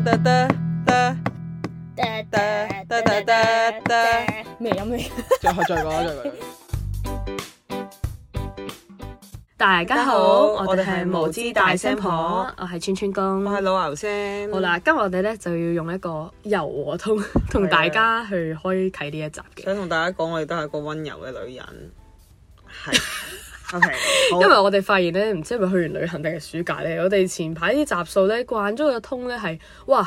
咩飲咩？再講， 大家好，我哋係無知大聲婆，我係川川公， 我係老牛聲。好啦，今日我哋咧就要用一個柔和通， 同大家去開啟呢一集嘅。想同大家講，我哋都係一個溫柔嘅女人。係。 O.K.，因為我哋發現咧，唔知係咪去完旅行定係暑假咧，我哋前排啲集數咧，慣咗個 tone 咧係，哇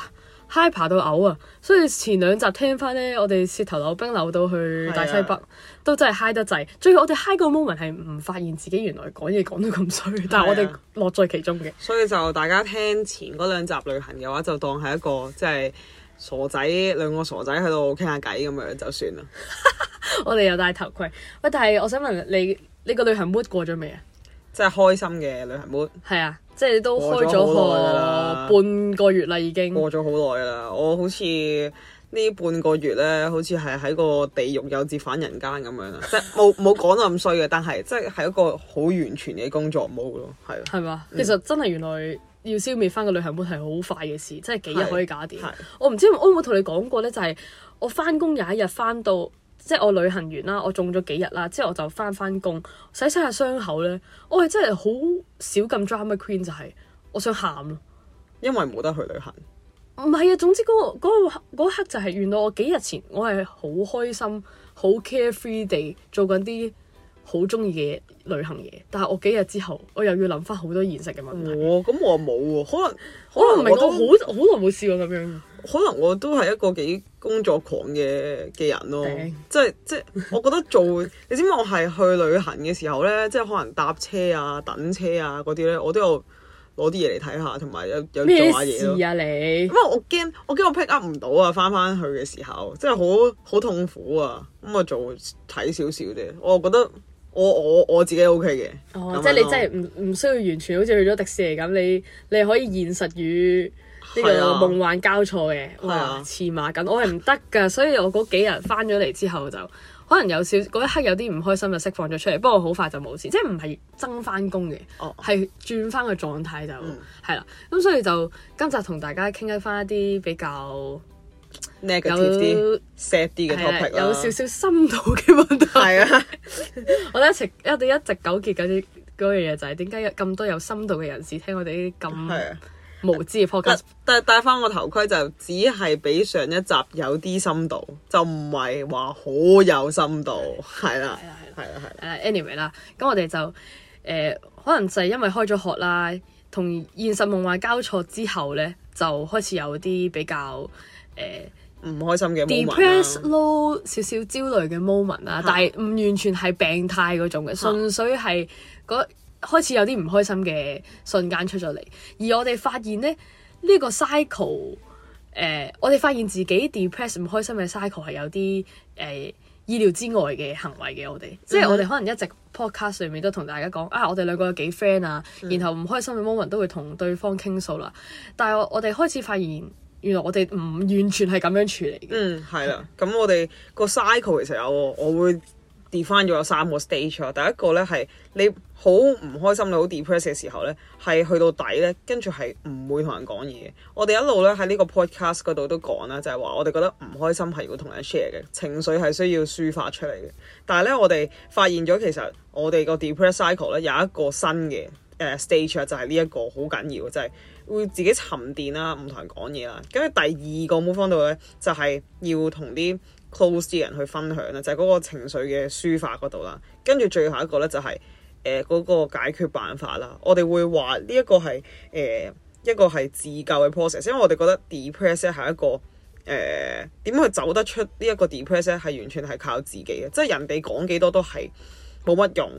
，high 爬到嘔啊！所以前兩集聽翻咧，我哋舌頭溜冰溜到去大西北，啊、都真係 high 得滯。最後我哋 high 個 moment 係唔發現自己原來講嘢講到咁衰，啊、但係我哋樂在其中嘅。所以就大家聽前嗰兩集旅行嘅話就，就當係一個即係傻仔兩個傻仔喺度傾下偈咁樣就算啦。 我哋又戴頭盔，喂！但係我想問你。你個旅行 mood 過咗未啊？即係開心嘅旅行 mood 係啊，即係都開咗個半個月啦，已經過咗好耐噶啦。我好似呢半個月咧，好似係喺個地獄有折返人間咁樣啊！即係冇冇講到咁衰嘅，但係即係係一個好完全嘅工作 mode 咯，係係嘛？其實真係原來要消滅翻個旅行 mood 係好快嘅事，即係幾日可以搞掂。我唔知我有冇同你講過咧，就係、是、我翻工有一日翻到。即係我旅行完啦，我中咗幾日啦，之後我就翻翻工，洗洗下傷口咧，我係真係好少咁 drama queen 就係、是、我想喊咯，因為冇得去旅行。唔係啊，總之嗰、嗰個嗰、嗰個嗰個、刻就係、是，原來我幾日前我係好開心、好 carefree 地做緊啲。好中意嘅旅行嘢，但係我幾日之後，我又要諗翻好多現實嘅問題。咁我冇喎，可能可能我好好耐冇試過咁樣。可能我都係一個幾工作狂嘅嘅人咯，Yeah. 即係即係，我覺得做 你知唔知我係去旅行嘅時候咧，即係可能搭車啊、等車啊嗰啲咧，我都有攞啲嘢嚟睇下，同埋有有，有做下嘢咩事啊你？咁我我驚我驚我 pick up 唔到啊，翻翻去嘅時候，即係好好痛苦啊。咁我做睇少少啫，我又覺得。我我我自己 O K 嘅，哦、這樣 即係你真係唔唔需要完全好似去咗迪士尼咁，你你可以現實與呢個夢幻交錯嘅，係啊，馳馬緊，啊、我係唔得噶，所以我嗰幾日翻咗嚟之後就可能有少嗰一刻有啲唔開心就釋放咗出嚟，不過好快就冇事，即係唔係爭翻工嘅，哦，係轉翻個狀態就係啦，咁、嗯、所以就今集同大家傾一翻一啲比較。叻 e g a 啲、那 sad 啲嘅 topic 的啦有少少深度嘅問題的。啊 我哋一齊，我一直糾結嗰啲樣嘢就係點解有咁多有深度嘅人士聽我哋啲咁無知嘅 p r o g r a，翻個頭盔就只係比上一集有啲深度，就唔係話好有深度係啦，係啦，係啦，係啦。Anyway 啦，咁我哋就誒，可能就係因為開咗學啦，同現實夢幻交錯之後咧，就開始有啲比較。誒，唔、uh, 開心嘅 depressed, low、uh, 少少焦慮嘅 moment 啊，uh, 但係唔完全係病態嗰種嘅，純、uh, 粹係嗰開始有啲唔開心嘅瞬間出咗嚟。Uh, 而我哋發現咧，呢、這個 cycle，誒、uh，我哋發現自己 depress 唔開心嘅 cycle 係有啲誒、呃、意料之外嘅行為嘅。Uh huh. 我哋即係我哋可能一直 podcast 上面都同大家講啊，我哋兩個有幾 friend 啊，uh huh. 然後唔開心嘅 moment 都會同對方傾訴啦。但係我我哋開始發現。原來我哋唔完全係咁樣處理嘅。嗯，係啦。咁的、嗯、我哋個 cycle 其實有我會 define 咗有三個 stage，第一個咧係你好唔開心、你好 depress 嘅時候咧，係去到底咧，跟住係唔會同人講嘢。我哋一路咧喺呢個 podcast 嗰度都講啦，就係、是、話我哋覺得唔開心係要同人 share 嘅，情緒係需要抒發出嚟嘅。但係咧，我哋發現咗其實我哋個 depress cycle 咧有一個新嘅誒、uh, stage 就係呢一個好緊要嘅，就係。會自己沉澱啦，唔同人講嘢啦。跟住第二個 move on 到咧，就係要同啲 close 嘅人去分享啦，就係、是、嗰個情緒嘅抒發嗰度啦。跟住最後一個咧、就是，就係誒嗰個解決辦法啦。我哋會話呢、呃、一個係誒一個係自救嘅 process，因為我哋覺得 depress 係一個誒點去走得出呢一個 depress 係完全係靠自己嘅，即係人哋講幾多都係。冇乜用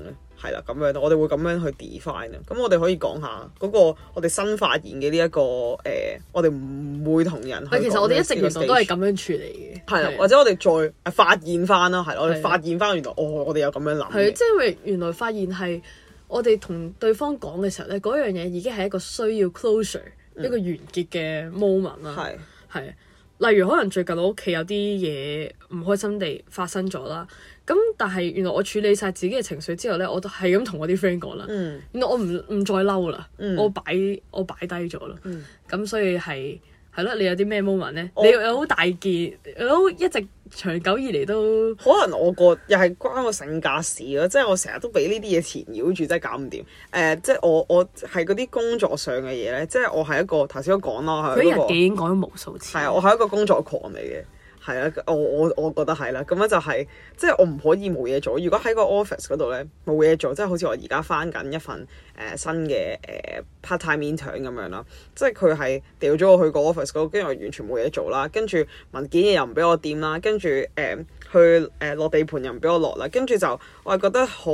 嘅，係啦，咁樣我哋會咁樣去 define 啊。咁我哋可以講下嗰、嗰個我哋新發現嘅呢一個誒、呃，我哋唔會同人。其實我哋一直原來都係咁樣處理嘅。係啊，或者我哋再發現翻啦，係咯，我哋發現翻原來哦，我哋有咁樣諗。係，即係因為原來發現係我哋同對方講嘅時候咧，嗰樣嘢已經係一個需要 closure、嗯、一個完結嘅 moment 啦的。係係的，例如可能最近我屋企有啲嘢唔開心地發生咗啦。咁但係原來我處理晒自己嘅情緒之後咧，我都係咁同我啲 friend 講啦。嗯、原來我唔唔再嬲啦、嗯，我擺我擺低咗啦。咁、嗯、所以係係咯，你有啲咩 moment 咧？我你你好大件，你好一直長久以嚟都可能我個又係關我性格事咯，即係我成日都俾呢啲嘢纏繞住，真係搞唔掂。誒，即係、uh，我我係嗰啲工作上嘅嘢咧，即係我係一個頭先都講啦，係一個。你、已經講咗無數次。係啊，我係一個工作狂嚟嘅。係啊，我我我覺得係啦，咁樣就係、是、即係我唔可以冇嘢做。如果喺個 office 嗰度咧，冇嘢做，即係好似我而家翻緊一份誒、呃、新嘅誒 part time i n t e 長咁樣啦，即係佢係掉咗我去個 office 嗰，跟住我完全冇嘢做啦，跟住文件嘢又唔俾我掂啦，跟住誒去誒、呃、落地盤又唔俾我落啦，跟住就我係覺得好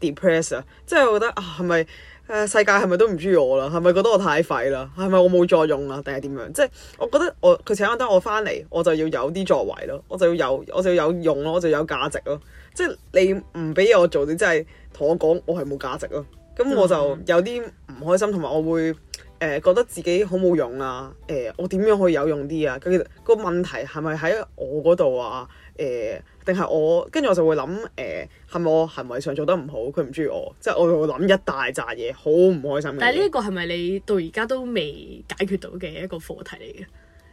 depressed 啊！即係我覺得啊，係咪？誒世界係咪都唔中意我啦？係咪覺得我太廢啦？係咪我冇作用啦？定係點樣？即係我覺得我佢請得我翻嚟，我就要有啲作為咯，我就要有，我就要有用咯，我就有價值咯。即係你唔俾我做，你真係同我講我係冇價值咯。咁我就有啲唔開心，同埋我會。誒、呃、覺得自己好冇用啊！誒、呃，我點樣可以有用啲啊？佢個問題係咪喺我嗰度啊？誒、呃，定係我？跟住我就會諗誒，呃、係咪我行為上做得唔好？佢唔中意我，即係我就會諗一大扎嘢，好唔開心。但係呢個係咪你到而家都未解決到嘅一個課題嚟嘅？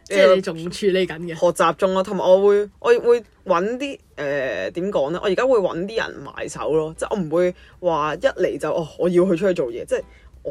呃、即係你仲處理緊嘅、呃，學習中咯、啊。同埋我會，我會揾啲誒點講呢？我而家會揾啲人埋手咯，即係我唔會話一嚟就哦，我要去出去做嘢，即係。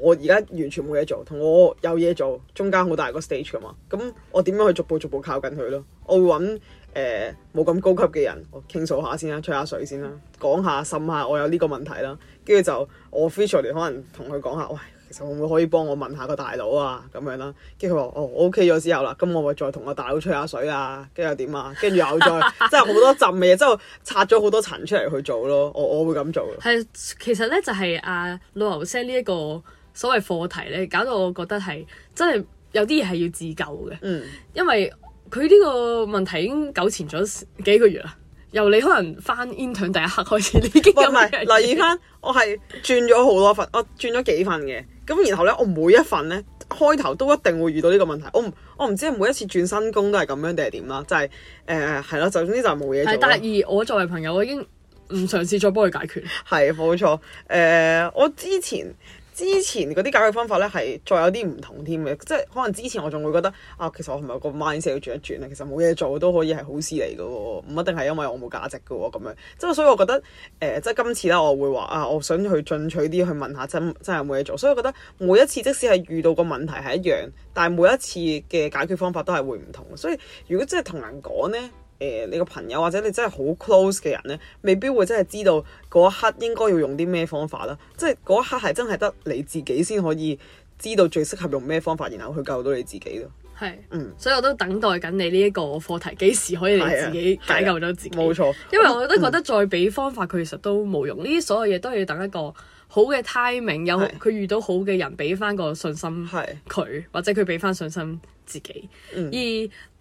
我而家完全冇嘢做，同我有嘢做中間好大個 stage 噶嘛，咁我點樣去逐步逐步靠近佢咯？我會揾誒冇咁高級嘅人，我傾訴下先啦、啊，吹下水先啦、啊，講下滲下我有呢個問題啦，跟住就我 official 可能同佢講下，喂，其實會唔會可以幫我問下個大佬啊咁樣啦、啊？跟住佢話，哦，我 OK 咗之後啦，咁我咪再同個大佬吹下水啊，跟住又點啊？跟住又再，真係好多浸嘅嘢，之後拆咗好多層出嚟去做咯，我我會咁做。係，其實呢，就係啊，老牛 Sir 呢一個。所謂課題咧，搞到我覺得係真係有啲嘢係要自救嘅，嗯、因為佢呢個問題已經糾纏咗幾個月啦。由你可能翻 intern 第一刻開始已經咁，唔係嗱，而家 我係轉咗好多份，我轉咗幾份嘅。咁然後咧，我每一份咧開頭都一定會遇到呢個問題。我唔我唔知每一次轉新工都係咁樣定係點啦，就係誒係咯，就、呃、總之就係冇嘢做。但而我作為朋友，我已經唔嘗試再幫佢解決。係冇 錯，誒、呃、我之前。之前嗰啲解決方法咧係再有啲唔同添嘅，即係可能之前我仲會覺得啊，其實我係咪個 mindset 要轉一轉啊？其實冇嘢做都可以係好事嚟嘅喎，唔一定係因為我冇價值嘅喎咁樣。即係所以我覺得誒、呃，即係今次咧，我會話啊，我想去進取啲去問下真真係冇嘢做。所以我覺得每一次即使係遇到個問題係一樣，但係每一次嘅解決方法都係會唔同。所以如果真係同人講呢。誒、呃、你個朋友或者你真係好 close 嘅人呢，未必會真係知道嗰一刻應該要用啲咩方法啦。即係嗰一刻係真係得你自己先可以知道最適合用咩方法，然後去救到你自己咯。係是，嗯、所以我都等待緊你呢一個課題幾時可以你自己解救咗自己。冇、啊啊、錯，因為我都覺得再俾方法佢其、嗯、實都冇用。呢啲所有嘢都係要等一個好嘅 timing，是有佢遇到好嘅人俾翻個信心佢，是或者佢俾翻信心自己。嗯、而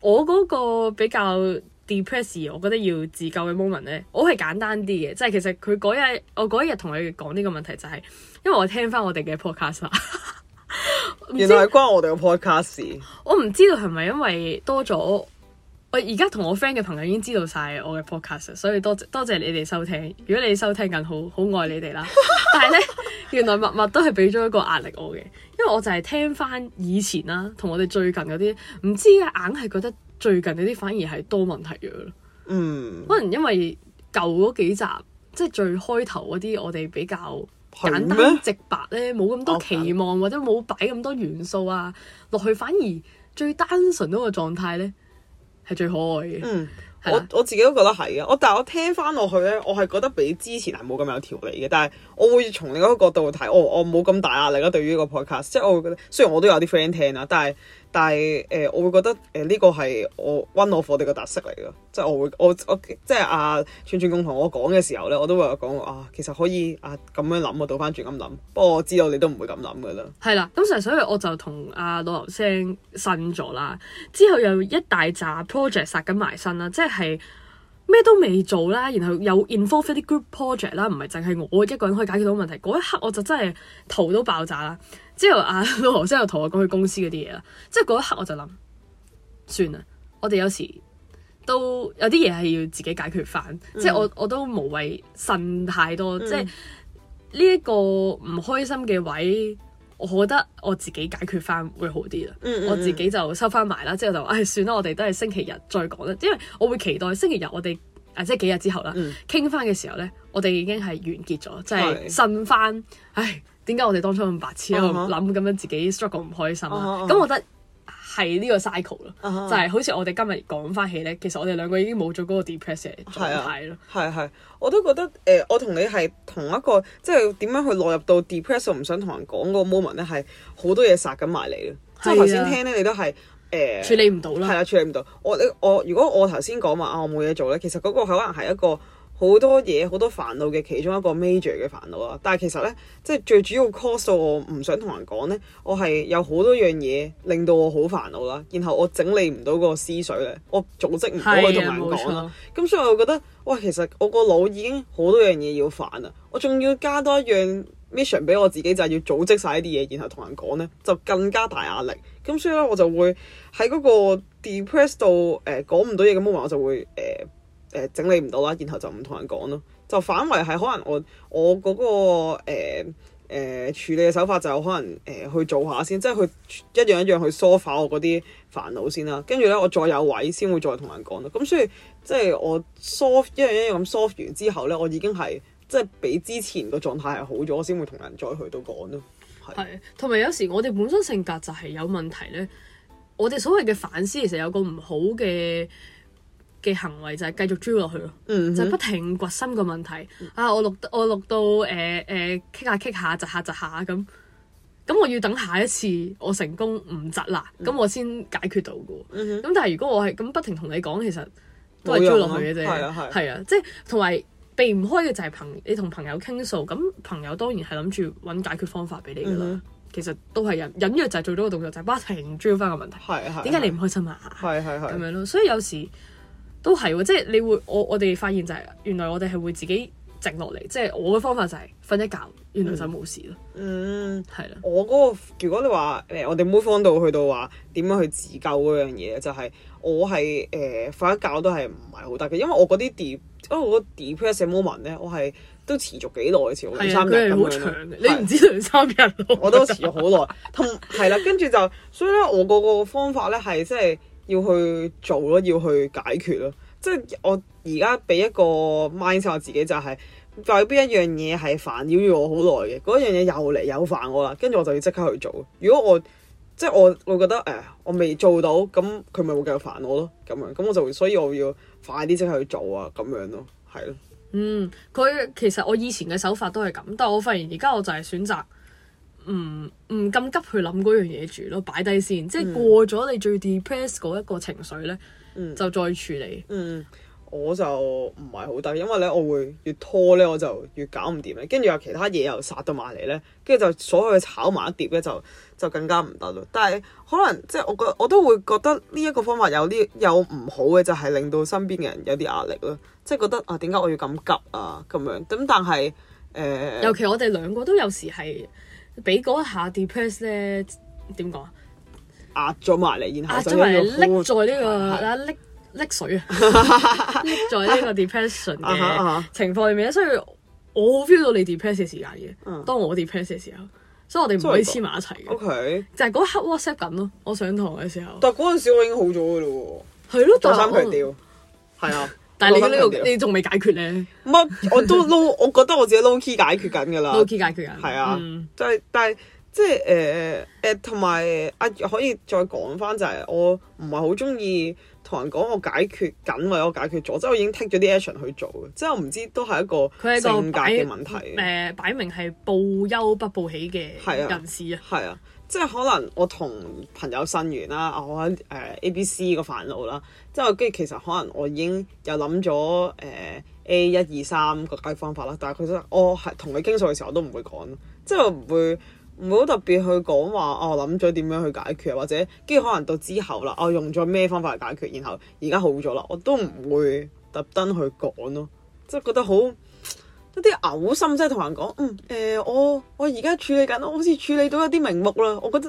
我嗰個比較 depress 我覺得要自救嘅 moment 咧，我係簡單啲嘅，即係其實佢嗰日我嗰一日同佢講呢個問題就係，因為我聽翻我哋嘅 podcast， 道原來係關我哋嘅 podcast。我唔知道係咪因為多咗，我而家同我 friend 嘅朋友已經知道晒我嘅 podcast，所以多謝多謝你哋收聽。如果你收聽緊，好好愛你哋啦。 但係咧，原來默默都係俾咗一個壓力我嘅，因為我就係聽翻以前啦，同我哋最近嗰啲，唔知啊，硬係覺得。最近呢啲反而係多問題嘅。咯，嗯，可能因為舊嗰幾集即係最開頭嗰啲，我哋比較簡單直白咧，冇咁嗎多期望 Okay. 或者冇擺咁多元素啊落去，反而最單純嗰個狀態咧係最可愛嘅。嗯，嗎我我自己都覺得係嘅，我但係我聽翻落去咧，我係覺得比之前係冇咁有條理嘅。但係我會從另一個角度去睇，我我冇咁大壓力啦。對於呢個 podcast，即係我會覺得，雖然我都有啲 friend 聽啊，但係。但係誒、呃，我會覺得誒呢、呃這個係我 one of 我哋嘅特色嚟嘅。即係我會我我即係阿串串公同我講嘅時候咧，我都會講啊，其實可以啊咁樣諗啊，倒翻轉咁諗。不過我知道你都唔會咁諗噶啦。係啦，咁所以我就同阿老劉先呻咗啦，之後又一大扎 project 殺緊埋身啦，即係咩都未做啦，然後有 involve 啲 group project 啦，唔係淨係我一個人可以解決到問題。嗰一刻我就真係頭都爆炸啦！之後啊，何生又同我講佢公司嗰啲嘢啦，即係嗰一刻我就諗，算啦，我哋有時都有啲嘢係要自己解決翻，嗯、即係我我都無謂呻太多，嗯、即係呢一個唔開心嘅位，我覺得我自己解決翻會好啲啦，嗯嗯嗯我自己就收翻埋啦，之後就唉算啦，我哋都係星期日再講啦，因為我會期待星期日我哋啊即係幾日之後啦，傾翻嘅時候咧，我哋已經係完結咗，即係呻翻，嗯、唉。點解我哋當初咁白痴喺度諗咁樣自己 struggle 唔開心啊？咁、uh huh. 我覺得係呢個 cycle 咯、uh，huh. 就係好似我哋今日講返起咧，其實我哋兩個已經冇咗嗰個 depression 係咯，係係、啊，我都覺得誒、呃，我同你係同一個，即係點樣去落入到 depressed，我唔想同人講個 moment 咧，係好多嘢殺緊埋嚟，即係頭先聽咧，你都係誒、呃、處理唔到啦，係啦、啊，處理唔到。我我如果我頭先講話啊，我冇嘢做咧，其實嗰個可能係一個。好多嘢好多煩惱嘅其中一個 major 嘅煩惱啦，但係其實咧，即係最主要 cause 我唔想同人講咧，我係有好多樣嘢令到我好煩惱啦，然後我整理唔到個思緒咧，我組織唔到去同人講啦，咁、啊、所以我就覺得，哇，其實我個腦已經好多樣嘢要煩啦，我仲要加多一樣 mission 俾我自己就係、是、要組織晒呢啲嘢，然後同人講咧，就更加大壓力，咁所以咧，我就會喺嗰個 depressed 到誒講唔到嘢嘅 moment 我就會誒。呃誒、呃、整理唔到啦，然後就唔同人講咯，就反為係可能我我嗰、那個誒誒、呃呃、處理嘅手法就可能誒、呃、去做下先，即係佢一樣一樣去梳化我嗰啲煩惱先啦。跟住咧，我再有位先會再同人講咯。咁所以即係我梳一樣一樣咁 soft 完之後咧，我已經係即係比之前個狀態係好咗，我先會同人再去到講咯。係，同埋有，有時我哋本身性格就係有問題咧，我哋所謂嘅反思其實有個唔好嘅嘅行為就係繼續追落去咯，就係不停掘深個問題啊，我錄我錄到誒誒，傾下傾下，窒下窒下咁咁，我要等下一次我成功唔窒啦，咁我先解決到嘅。咁但係如果我係咁不停同你講，其實都係追落去嘅啫，係啊，即係同埋避唔開嘅就係朋你同朋友傾訴，咁朋友當然係諗住揾解決方法俾你噶啦。其實都係隱隱約就係做咗個動作，就係不停追翻個問題，係啊，點解你唔開心啊？係係係咁樣咯，所以有時。都係喎，即係你會我我哋發現就係，原來我哋係會自己靜落嚟，即係我嘅方法就係瞓一覺，原來就冇事咯、嗯。嗯，係啦的。我嗰、那個如果你話誒、欸，我哋 move 翻到去到話點樣去自救嗰樣嘢就係、是、我係誒瞓一覺都係唔係好得嘅，因為我嗰啲因為我 depress moment 咧，我係都持續幾耐，持續兩三日咁樣。長對你唔知兩三日咯，我，我都持續好耐。 同係啦，跟住就所以咧，我嗰個方法咧係即係。要去做咯，要去解決咯，即係我而家俾一個 mind 我自己就係，就係邊一樣嘢係煩擾住我好耐嘅，嗰樣嘢又嚟又煩我啦，跟住我就要即刻去做。如果我即係我會覺得誒、哎，我未做到，咁佢咪會繼續煩我咯，咁樣咁我就所以我要快啲即刻去做啊，咁樣咯，係咯。嗯，佢其實我以前嘅手法都係咁，但係我發現而家我就係選擇。唔唔咁急去諗嗰樣嘢住咯，擺低先。即係過咗你最 depress 嗰一個情緒咧，嗯、就再處理。嗯、我就唔係好得，因為咧我會越拖咧，我就越搞唔掂咧。跟住有其他嘢又殺到埋嚟咧，跟住就所有炒埋一碟咧，就就更加唔得咯。但係可能即係我覺我都會覺得呢一個方法有啲有唔好嘅，就係、是、令到身邊嘅人有啲壓力咯。即係覺得啊，點解我要咁急啊？咁樣咁，但係誒，呃、尤其我哋兩個都有時係。俾嗰一下 depress 咧，點講啊？壓咗埋嚟，然後壓咗埋嚟搦在呢個啊搦搦水啊，搦在呢個 depression 嘅情況裏面，所以我 feel 到你 depress 嘅時間嘅，嗯、當我 depress 嘅時候，嗯、所以我哋唔可以黐埋一齊嘅。O K 就係嗰、okay、一刻 WhatsApp 緊咯，我上堂嘅時候。但係嗰陣時我已經好咗嘅啦喎。係咯，再三強調。係啊。 但係你呢個，你仲未解決咧？乜？ 我都 low，我覺得我自己 low key 解決緊噶啦。low、 no、key 解決緊。係啊，就係、嗯、但係即係誒誒，同埋阿可以再講翻就係，我唔係好中意同人講我解決緊，或我解決咗，即係我已經 take 咗啲 action 去做嘅。即、就、係、是、我唔知都係一個佢係個性格嘅問題。誒，擺、呃、明係報憂不報喜嘅人士啊。係啊。即係可能我同朋友呻完啦，我喺 A、B、呃、C 個煩惱啦，即係跟住其實可能我已經又諗咗誒 A 一二三個解決方法啦，但係佢真我係同你傾訴嘅時候我都唔會講咯，即係我唔會唔會好特別去講話、啊、我諗咗點樣去解決，或者跟住可能到之後啦、啊，我用咗咩方法去解決，然後而家好咗啦，我都唔會特登去講咯，即係覺得好。一啲嘔心真係同人講，嗯，誒、欸、我我而家處理緊，我好似處理到一啲名目啦，我覺得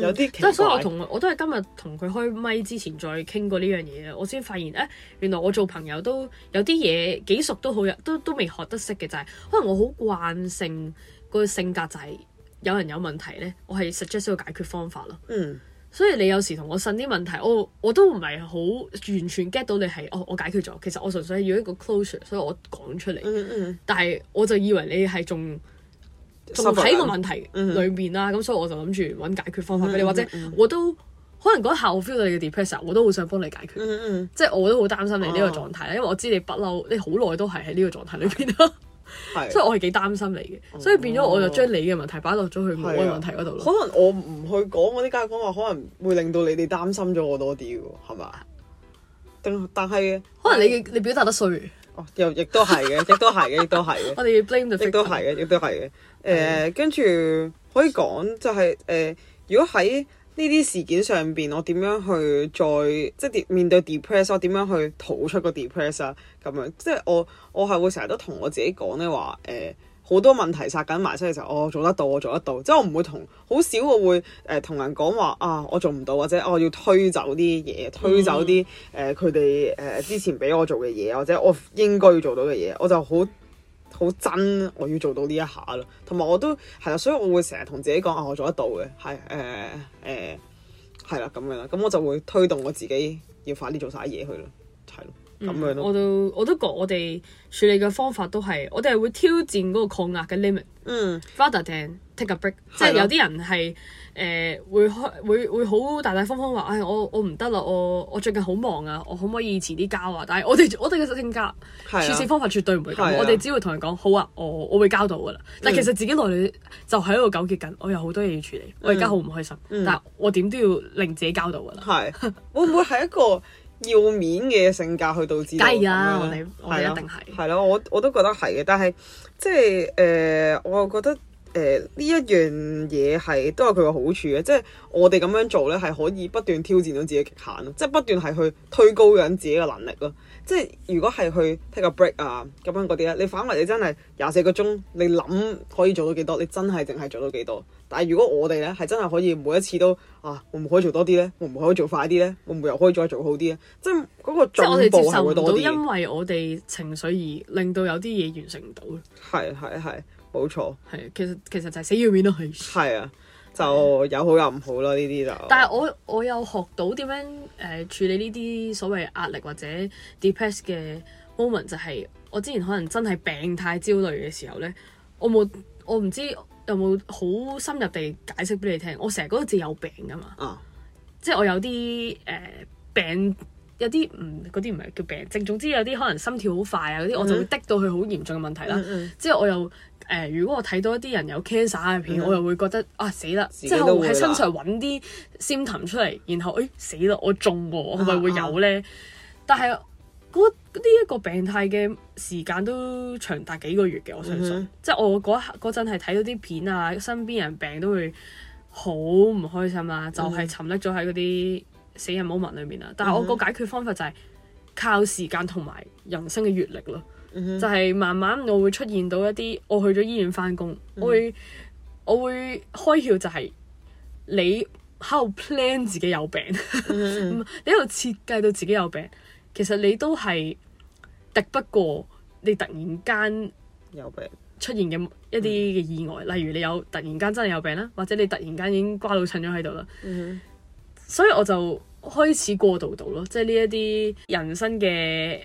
有啲，即係所以我同我都係今日同佢開咪之前再傾過呢樣嘢，我先發現啊、欸，原來我做朋友都有啲嘢幾熟都好，都都未學得識嘅就係、是，可能我好慣性、個性格就係有人有問題咧，我係 suggest 咗解決方法咯。嗯。所以你有時同我呻啲問題，我我都唔係好完全 get 到你係，哦，我解決咗。其實我純粹係要一個 closure，所以我講出嚟。Mm hmm. 但係我就以為你係仲仲喺個問題裏面啦，咁、mm hmm. 所以我就諗住揾解決方法俾你，mm hmm. 或者我都可能嗰下我 feel 到你嘅 depression 我都好想幫你解決。Mm hmm. 即係我都好擔心你呢個狀態、oh. 因為我知你不嬲，你好耐都係喺呢個狀態裏邊對 即係是我係幾擔心你嘅，嗯、所以變咗我就將你嘅問題擺落咗去我嘅問題嗰度咯。可能我唔去講我啲家講話，可能會令到你哋擔心咗我多啲嘅，係嘛？但但係可能你、嗯、你表達得衰哦，又亦都係嘅，亦都係嘅，亦 都係嘅。我哋要 blame 就亦都係嘅，亦 都係嘅。誒，跟、呃、住的可以講就係、是、誒、呃，如果喺。呢啲事件上邊，我點樣去再即係面對 depress？我點樣去逃出個 depress 啊？咁樣即係我我係會成日都同我自己講，咧話誒好多問題殺緊埋出嚟時候，我、就是哦、做得到，我做得到。即係我唔會同好少我會誒同、呃、人講話啊，我做唔到或者我要推走啲嘢，推走啲誒佢哋誒之前俾我做嘅嘢，或者我應該要做到嘅嘢，我就好。好真，我要做到呢一下咯，同埋我都係啦，所以我會成日同自己講啊，我做得到嘅，係誒誒，係啦咁樣啦，咁我就會推動我自己要快啲做晒嘢去咯，係。嗯，我都我都覺我哋處理嘅方法都係，我哋係會挑戰嗰個抗壓嘅 limit。嗯 rather than take a break，< 是的 S 1> 即係有啲人係誒、呃、會開會會好大，大大方方話，唉、哎，我我唔得啦，我我，我最近好忙啊，我可唔可以遲啲交啊？但係我哋我哋嘅性格處事方法絕對唔會咁，的我哋只會同人講：好啊，我我會交到噶啦。但係其實自己內裏就喺度糾結緊，我有好多嘢要處理，我而家好唔開心，嗯嗯、但我點都要令自己交到噶啦。係會唔會係一個？ 要面嘅性格去導致，係啊，係、啊、我哋咯、啊，我我都覺得係嘅，但係即係誒、呃，我又覺得。呃，呢一樣嘢係都有佢個好處嘅，即係我哋咁樣做呢，係可以不斷挑戰到自己極限咯，即係不斷係去推高緊自己嘅能力咯。即係如果係去 take a break 啊咁樣嗰啲咧，你反為你真係廿四個鐘，你諗可以做到幾多，你真係淨係做到幾多。但係如果我哋呢，係真係可以每一次都啊，我唔可以做多啲呢？我唔可以做快啲呢？我唔又可以再做好啲呢？即係嗰個進步係會多啲。即係我哋接受唔到，因為我哋情緒而令到有啲嘢完成唔到。係係係。冇錯，係其實其實就係死要面咯，係啊， 就有好有唔好咯，呢啲就。但係我我有學到點樣誒處理呢啲所謂壓力或者 depress 嘅 moment，就係我之前可能真係病態焦慮嘅時候咧，我冇我唔知有冇好深入地解釋俾你聽。我成日覺得自己有病㗎嘛，啊、即係我有啲誒、呃、病，有啲唔啲唔係叫病症，總之有啲可能心跳好快啊，嗰啲，嗯、我就會滴到佢好嚴重嘅問題啦。即係我又。誒、呃，如果我睇到一啲人有 cancer 嘅片，mm hmm. 我又會覺得啊死啦！之後喺身上揾啲 symptom 出嚟，然後誒、欸、死啦，我中喎，係咪、啊、會有咧？啊、但係嗰呢一個病態嘅時間都長達幾個月嘅，我相信。Mm hmm. 即係我嗰下陣係睇到啲片啊，身邊人病都會好唔開心啊，就係、是、沉溺咗喺嗰啲死人 moment 裏面啦。Mm hmm. 但係我個解決方法就係靠時間同埋人生嘅閲歷咯。Mm hmm. 就係慢慢我會出現到一啲我去咗醫院返工，mm hmm. 我會我會開竅就係、是、你喺度 plan 自己有病，mm hmm. 你喺度設計到自己有病，其實你都係敵不過你突然間有病出現嘅一啲嘅意外，mm hmm. 例如你有突然間真係有病啦，或者你突然間已經瓜老襯咗喺度啦。Mm hmm. 所以我就開始過渡到囉，即係呢一啲人生嘅。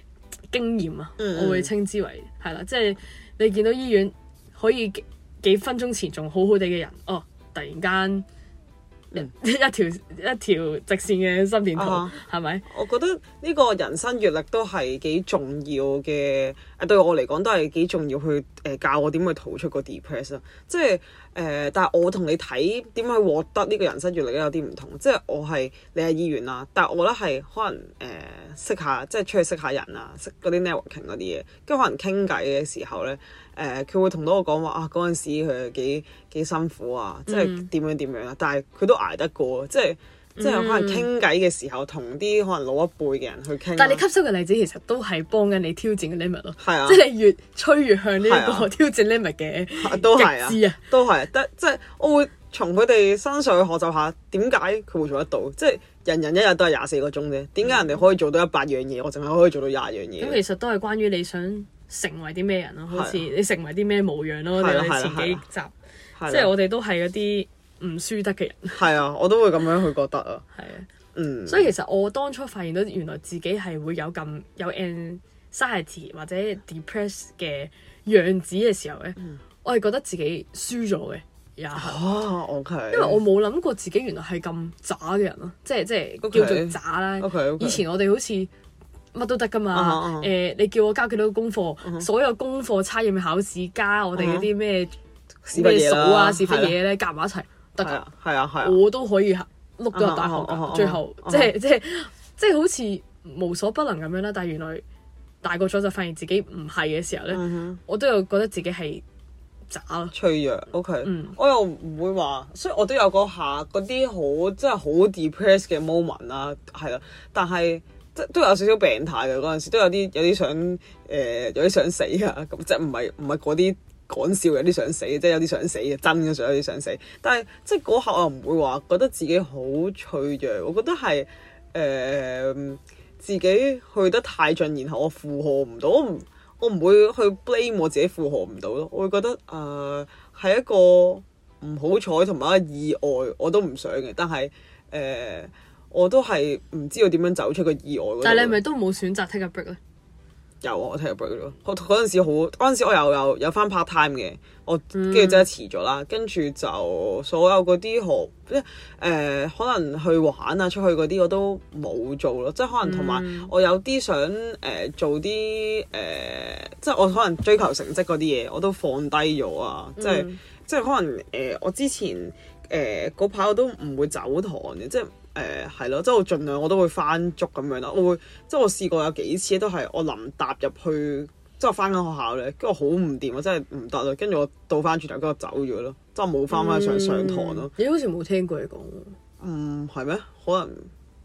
經驗啊，我會稱之為係啦、嗯，即係你見到醫院可以幾，幾分鐘前仲好好地嘅人，哦，突然間一條、嗯、一條直線嘅心電圖，係咪、啊哈？吧我覺得呢個人生閱歷都係幾重要嘅，對我嚟講都係幾重要去。誒教我點去逃出個 depress 啊！即係誒，但係我同你睇點去獲得呢個人生，越嚟越有啲唔同。即係我係你係醫院啦、啊，但係我覺得係可能誒、呃、識下，即係出去識下人啊，識嗰啲 networking 嗰啲嘢，跟住可能傾偈嘅時候咧，誒、呃、佢會同到我講話啊，嗰陣時佢幾幾辛苦啊，即係點樣點樣啊，嗯、但係佢都捱得過，即係。即係可能傾偈嘅時候，同啲可能老一輩嘅人去傾。但係你吸收嘅例子，其實都係幫緊你挑戰嘅 limit 咯。係啊，即係你越吹越向呢個挑戰 limit 嘅極致啊，都係啊，都係。但即係我會從佢哋身上去學習下，點解佢會做得到？即係人人一日都係廿四個鐘啫，點解人哋可以做到一百樣嘢？我淨係可以做到廿樣嘢。咁其實都係關於你想成為啲咩人咯，好似你成為啲咩模樣咯。我哋前幾集，即係我哋都係嗰啲。唔輸得嘅人， 係對啊，我都會咁樣去覺得啊。係對啊，嗯，所以其實我當初發現到原來自己係會有咁有 anxiety 或者 depressed 嘅樣子嘅時候咧，我係覺得自己輸咗嘅，又啊因為我冇諗過自己原來係咁渣嘅人咯，即係即係叫做渣啦。以前我哋好似乜都得噶嘛，誒，你叫我交幾多功課，所有功課差完考試加我哋嗰啲咩咩數啊，是乜嘢咧，夾埋一齊。對得噶，係啊，係啊，我都可以碌到入大學，啊啊啊啊，最後即係即係即係好似無所不能咁樣啦。但係原來大個咗就發現自己唔係嘅時候咧，嗯、哼我都有覺得自己係渣咯。脆弱。OK，嗯、我又唔會話，雖然我都有嗰下嗰啲好即係好 depressed 嘅 moment 啦，係啦。但係即係都有少少病態嘅嗰陣時，都有啲有啲想誒，有啲想，呃、想死啊咁，即係唔係唔係嗰啲。講笑有啲想死，即係有啲想死嘅真嘅，想有啲想死。但係即係嗰刻我又唔會話覺得自己好脆弱，我覺得係誒、呃、自己去得太盡，然後我負荷唔到，我唔我唔會去 blame 我自己負荷唔到咯。我會覺得啊係、呃、一個唔好彩同埋一個意外，我都唔想嘅。但係誒、呃、我都係唔知道點樣走出個意外。但係你係咪都冇選擇 take a break 咧？有啊，我踢咗 break 咯，我嗰陣時好，嗰陣時我又有有翻 part time 嘅，我跟住即係辭咗啦，跟住、嗯、就所有嗰啲學即係可能去玩啊，出去嗰啲我都冇做咯，即係可能同埋我有啲想誒、呃、做啲誒、呃、即係我可能追求成績嗰啲嘢我都放低咗啊，即係、嗯、即係可能誒、呃、我之前誒嗰排我都唔會走堂嘅即。誒係咯，即係我盡量我都會翻足咁樣啦。我會即係我試過有幾次都係我臨踏入去，即係我翻緊學校咧，跟住我好唔掂，我真係唔得啦。跟住我倒翻轉頭，跟住走咗咯，即係冇翻翻上、嗯、上堂課咯。你好似冇聽過你講，嗯，係咩？可能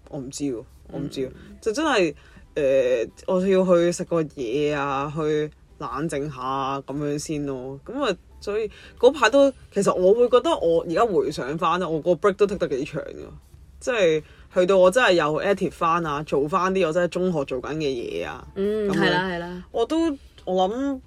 我唔知喎，我唔知、嗯、就真係誒、呃，我要去食個嘢啊，去冷靜下咁、啊、樣先咯。咁啊，所以嗰排都其實我會覺得我而家回想翻咧，我個 break 都得幾長㗎。即係去到我真係又 active 翻啊，做翻啲我真係中學做緊嘅嘢啊。嗯，係啦係啦。我都我諗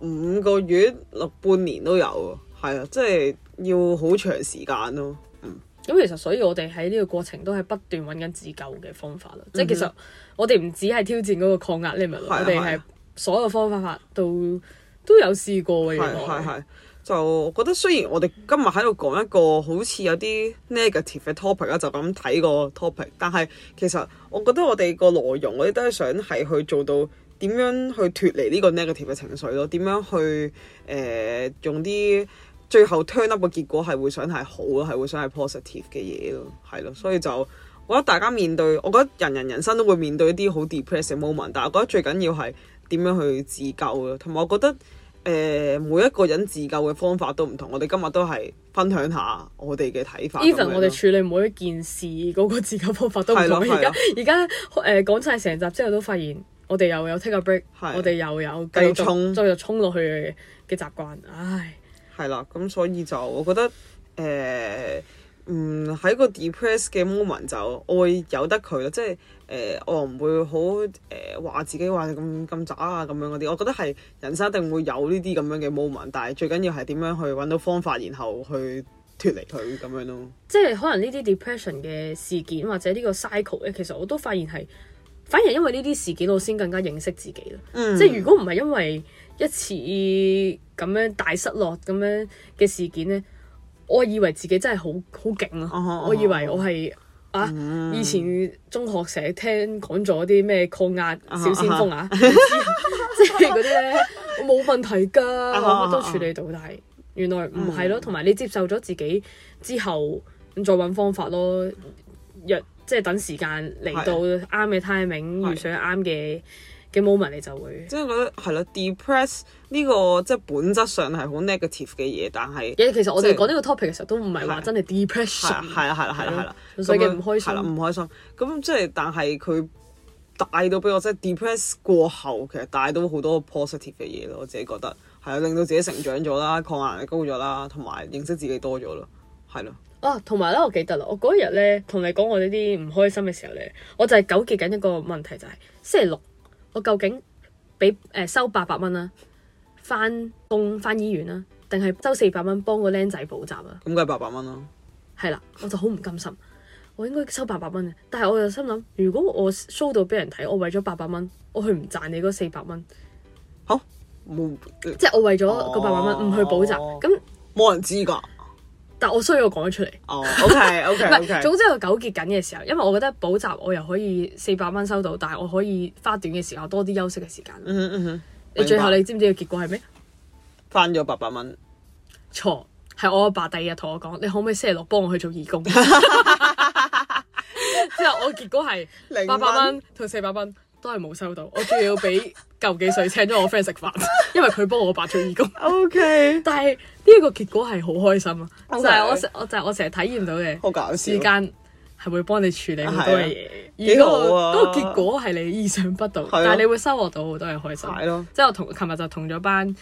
五個月六半年都有，係啊，即係要好長時間咯。嗯，咁其實所以我哋喺呢個過程都係不斷揾緊自救嘅方法啦。嗯、哼即係其實我哋唔止係挑戰嗰個抗壓，你明唔明？我哋係所有方法法都都有試過。係係係。就我覺得雖然我哋今日喺度講一個好似有啲 negative 嘅 topic 啦，就咁睇個 topic，但係其實我覺得我哋個內容，我哋都係想係去做到點樣去脱離呢個 negative 嘅情緒咯，點樣去誒、呃、用啲最後 turn up 嘅結果係會想係好咯，係會想係 positive 嘅嘢咯，係咯，所以就我覺得大家面對，我覺得人人人生都會面對一啲好 depressing 嘅 moment，但係我覺得最緊要係點樣去自救咯，同埋我覺得。誒，每一個人自救嘅方法都唔同，我哋今日都係分享下我哋嘅睇法。Even 我哋處理每一件事嗰個自救方法都唔同。而家而家誒，講晒成集之後都發現，我哋又有 take a break，的我哋又有繼續衝再就衝落去嘅嘅習慣。唉，係啦，咁所以就我覺得誒。呃嗯，喺個 depressed 嘅 moment 就我會由得佢咯，即係誒、呃、我唔會好誒話自己話咁咁渣啊咁樣嗰啲，我覺得係人生一定會有呢啲咁樣嘅 moment，但係最緊要係點樣去揾到方法，然後去脱離佢咁樣咯。即係可能呢啲 depression 嘅事件或者呢個 cycle 咧，其實我都發現係反而因為呢啲事件我先更加認識自己啦。嗯、即係如果唔係因為一次咁樣大失落咁樣嘅事件咧。我以為自己真係好好勁啊。Uh huh, uh huh. 我以為我係啊，mm hmm. 以前中學成日聽講咗啲咩抗壓小先鋒啊，即係嗰啲咧，我冇問題㗎，uh huh, uh huh. 我乜都處理到，uh huh. 但係原來唔係咯，同埋、uh huh. 你接受咗自己之後，咁再揾方法咯，若即係等時間嚟到啱嘅 timing，遇上啱嘅。嘅 moment 你就會即係覺得係咯，depress 呢個即係本質上係好 negative 嘅嘢，但係其實我哋講呢個 topic 嘅時候都唔係話真係 depress 係啦係啦係啦係啦所以咁唔開心唔開心咁即係，但係佢帶到俾我即係 depress 過後，其實帶到好多 positive 嘅嘢咯。我自己覺得係令到自己成長咗啦，抗壓力高咗啦，同埋認識自己多咗咯，係咯啊，同埋咧，我記得啦，我嗰日咧同你講我呢啲唔開心嘅時候咧，我就係糾結緊一個問題，就係星期六。我究竟俾誒、呃、收八百蚊啦，返工返醫院啦、啊，定係收四百蚊幫個僆仔補習啊？咁梗係八百蚊咯，係啦，我就好唔甘心，我應該收八百蚊嘅，但係我又心諗，如果我 show 到俾人睇，我為咗八百蚊，我去唔賺你嗰四百蚊，好、啊？冇，即係我為咗嗰八百蚊唔去補習，咁冇、啊、那人知㗎。但我需要講出嚟。哦 OK，OK，OK 總之我糾結緊嘅時候，因為我覺得補習我又可以四百蚊收到，但係我可以花短嘅時間多啲休息嘅時間。嗯嗯嗯，你最後你知唔知個結果係咩？翻咗八百蚊。錯，係我阿爸、爸第二日同我講，你可唔可以星期六幫我去做義工？之後我結果係八百蚊同四百蚊都係冇收到，我仲要俾。 舊幾歲請咗我 friend 食飯， 因為佢幫我白做義工。O Okay . K， 但係呢個結果係好開心啊！Okay. 就係我成，我就係我成日體驗到嘅。好搞笑！時間係會幫你處理好多、啊、嘢，而個嗰結果係你意想不到， 但係你會收穫到好多嘢開心。係咯了，即係我同琴日就同咗班，誒、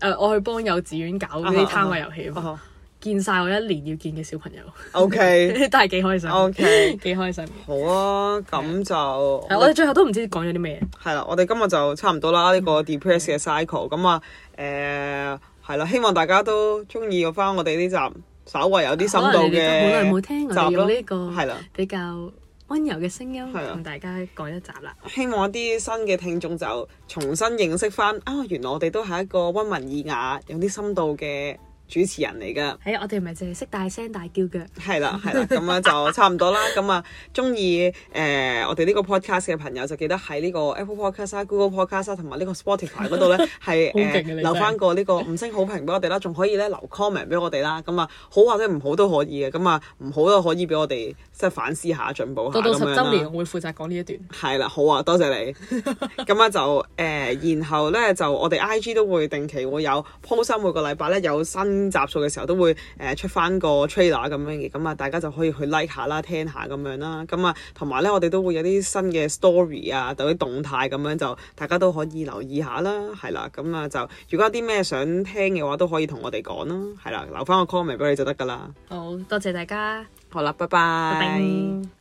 呃，我去幫幼稚園搞嗰啲攤位遊戲。Uh huh, uh huh, uh huh. 見晒我一年要見嘅小朋友，OK，都係幾開心，OK，幾開心。好啊，咁就係我哋最後都唔知講咗啲咩嘢。係啦，我哋今日就差唔多啦。呢個 depressed 嘅 cycle，咁啊，誒係啦，希望大家都中意翻我哋呢集，稍微有啲深度嘅。好耐冇聽我哋呢個係啦，比較溫柔嘅聲音係啦，同大家講一集啦。希望一啲新嘅聽眾就重新認識翻，啊，原來我哋都係一個溫文爾雅、有啲深度嘅主持人嚟㗎，係啊、哎，我哋咪淨係識大聲大叫嘅，係啦係啦，咁樣就差唔多啦。咁啊， 鍾意誒我哋呢個 podcast 嘅朋友就記得喺呢個 Apple Podcast 啊、Google Podcast 同、啊、埋呢個 Spotify 度咧，係誒留返個呢個五星好評俾我哋啦，仲可以咧留 comment 俾我哋啦。咁啊，好或者唔好都可以嘅，咁啊唔好都可以俾我哋即係反思下、進步下。到到十周年，我會負責講呢一段。係啦，好啊，多謝你。咁啊 就誒、呃，然後咧就我哋 IG 都會定期會有，會有 post，每個禮拜咧有新集數嘅時候都會誒、呃、出翻個 trailer 咁樣嘅，咁啊大家就可以去 like 下啦，聽下咁樣啦，咁啊同埋呢，我哋都會有啲新嘅 story 啊，等於動態咁樣就大家都可以留意下啦，係啦，咁啊就如果有啲咩想聽嘅話都可以同我哋講啦，係啦，留翻個 comment 俾你就得噶啦。好，多謝大家。好啦，拜拜。拜拜。